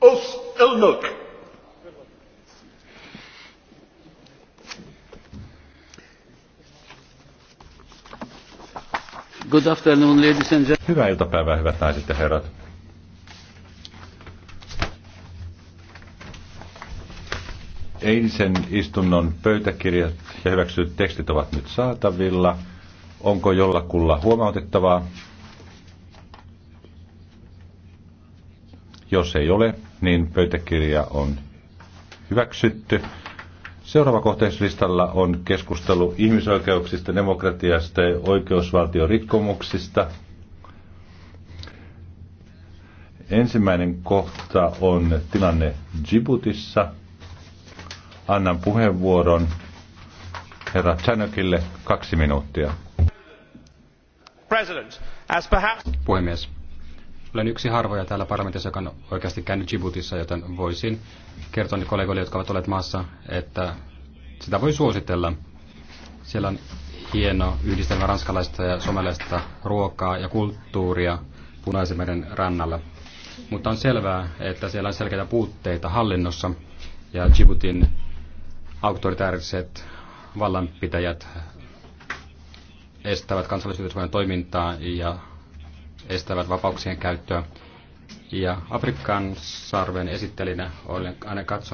Os elnök! Good afternoon, ladies and gentlemen. Hyvää iltapäivää, hyvät naiset ja herrat. Eilisen istunnon pöytäkirjat ja hyväksytyt tekstit ovat nyt saatavilla. Onko jollakulla huomautettavaa? Jos ei ole, niin pöytäkirja on hyväksytty. Seuraava kohteislistalla on keskustelu ihmisoikeuksista, demokratiasta ja oikeusvaltiorikkomuksista. Ensimmäinen kohta on tilanne Djiboutissa. Annan puheenvuoron herra Chanokille kaksi minuuttia. President, as perhaps... Puhemies olen yksi harvoja täällä parlamentissa, joka on oikeasti käynyt Djiboutissa, joten voisin kertoa kollegoille, jotka ovat olleet maassa, että sitä voi suositella. Siellä on hieno yhdistelmä ranskalaista ja suomalaista ruokaa ja kulttuuria Punaisen rannalla. Mutta on selvää, että siellä on selkeitä puutteita hallinnossa ja Djiboutin autoritaariset vallanpitäjät estävät kansallisyhteiskunnan toimintaa ja estävät vapauksien käyttöä. Ja Afrikan sarven esittelinä olen aina katsonut,